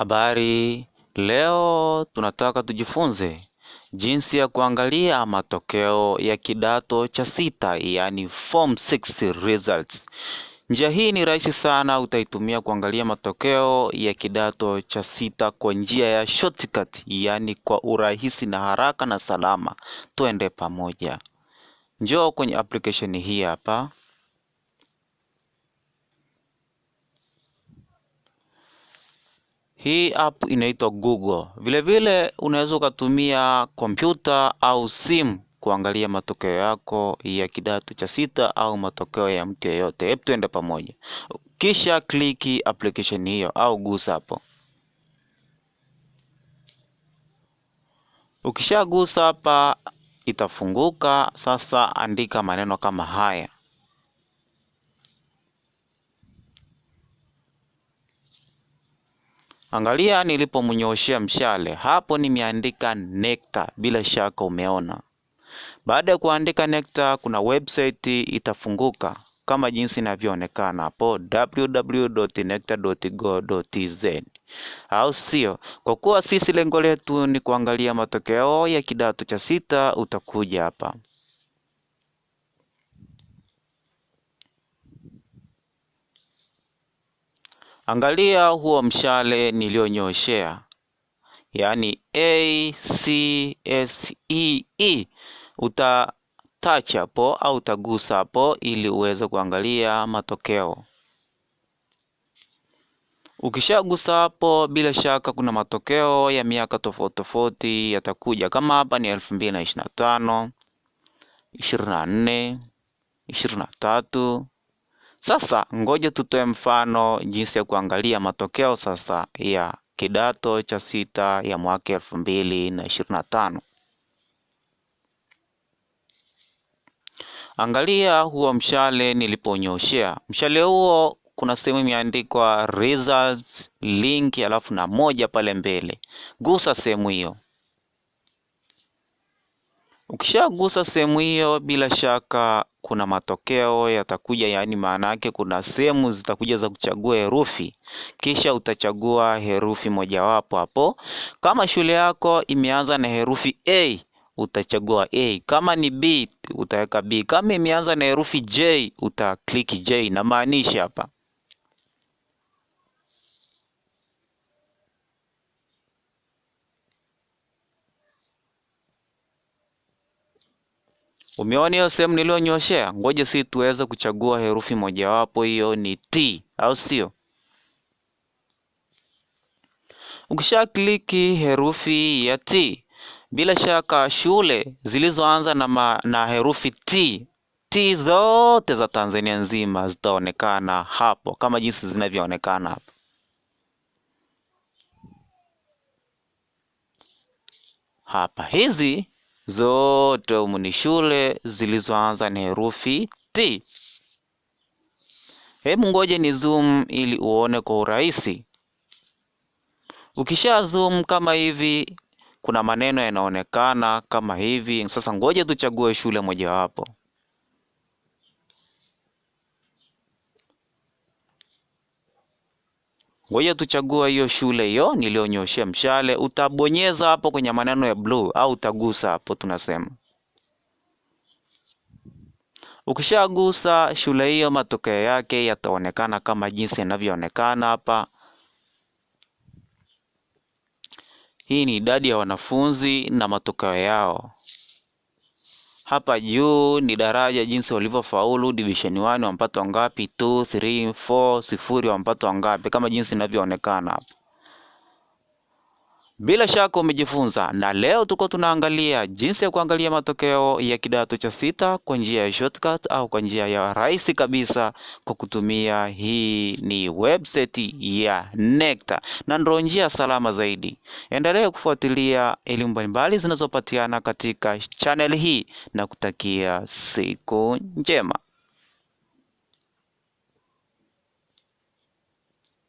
Habari, leo tunataka tujifunze jinsi ya kuangalia matokeo ya kidato cha sita, yani form 6 results. Njia hii ni rahisi sana, utaitumia kuangalia matokeo ya kidato cha sita kwa njia ya shortcut, yani kwa urahisi na haraka na salama. Twende pamoja, njoo kwenye application hii hapa. Hii app inaitwa Google. Vilevile unaweza ukatumia kompyuta au simu kuangalia matokeo yako ya kidato cha sita au matokeo ya mtu yeyote. Hebu tuende pamoja, kisha click application hiyo au gusa hapo. Ukishagusa hapa, itafunguka sasa. Andika maneno kama haya Angalia nilipomnyoshea mshale, hapo nimeandika NECTA, bila shaka umeona. Baada ya kuandika NECTA, kuna website itafunguka kama jinsi inavyoonekana hapo www.necta.go.tz, au sio? Kwa kuwa sisi lengo letu ni kuangalia matokeo ya kidato cha sita, utakuja hapa. Angalia huo mshale nilionyoshea, yaani A, C, S, E, E. touch hapo au utagusa hapo ili uweze kuangalia matokeo. Ukishagusa hapo, bila shaka kuna matokeo ya miaka tofauti tofauti yatakuja. Kama hapa ni elfu mbili na ishirini na tano, ishirini na nne, ishirini na tatu sasa ngoja tutoe mfano jinsi ya kuangalia matokeo sasa ya kidato cha sita ya mwaka elfu mbili na ishirini na tano. Angalia huo mshale niliponyoshea. Mshale huo kuna sehemu imeandikwa results link alafu na moja pale mbele. Gusa sehemu hiyo. Ukishagusa sehemu hiyo, bila shaka kuna matokeo yatakuja, yaani maana yake kuna sehemu zitakuja za kuchagua herufi, kisha utachagua herufi mojawapo hapo. Kama shule yako imeanza na herufi A utachagua A. Kama ni B utaweka B. Kama imeanza na herufi J uta click J, na maanisha hapa Umeona hiyo sehemu niliyonyoshea? Ngoja si tuweze kuchagua herufi mojawapo, hiyo ni T, au sio? Ukisha kliki herufi ya T, bila shaka shule zilizoanza na, ma, na herufi T T zote za Tanzania nzima zitaonekana hapo kama jinsi zinavyoonekana hapo. Hapa hizi Zote humu ni shule zilizoanza na herufi T. Hebu ngoje ni zoom ili uone kwa urahisi. Ukisha zoom kama hivi, kuna maneno yanaonekana kama hivi. Sasa ngoje tuchague shule mojawapo. Ngoja tuchagua hiyo shule hiyo nilionyoshia mshale, utabonyeza hapo kwenye maneno ya blue au utagusa hapo, tunasema ukishagusa shule hiyo, matokeo yake yataonekana kama jinsi yanavyoonekana hapa. Hii ni idadi ya wanafunzi na matokeo yao. Hapa juu ni daraja jinsi walivyofaulu division 1 wampato ngapi, 2, 3, 4, sifuri wampato ngapi kama jinsi inavyoonekana hapa. Bila shaka umejifunza, na leo tuko tunaangalia jinsi ya kuangalia matokeo ya kidato cha sita kwa njia ya shortcut au kwa njia ya rahisi kabisa kwa kutumia hii ni website ya NECTA na ndio njia salama zaidi. Endelea kufuatilia elimu mbalimbali zinazopatikana katika channel hii na kutakia siku njema.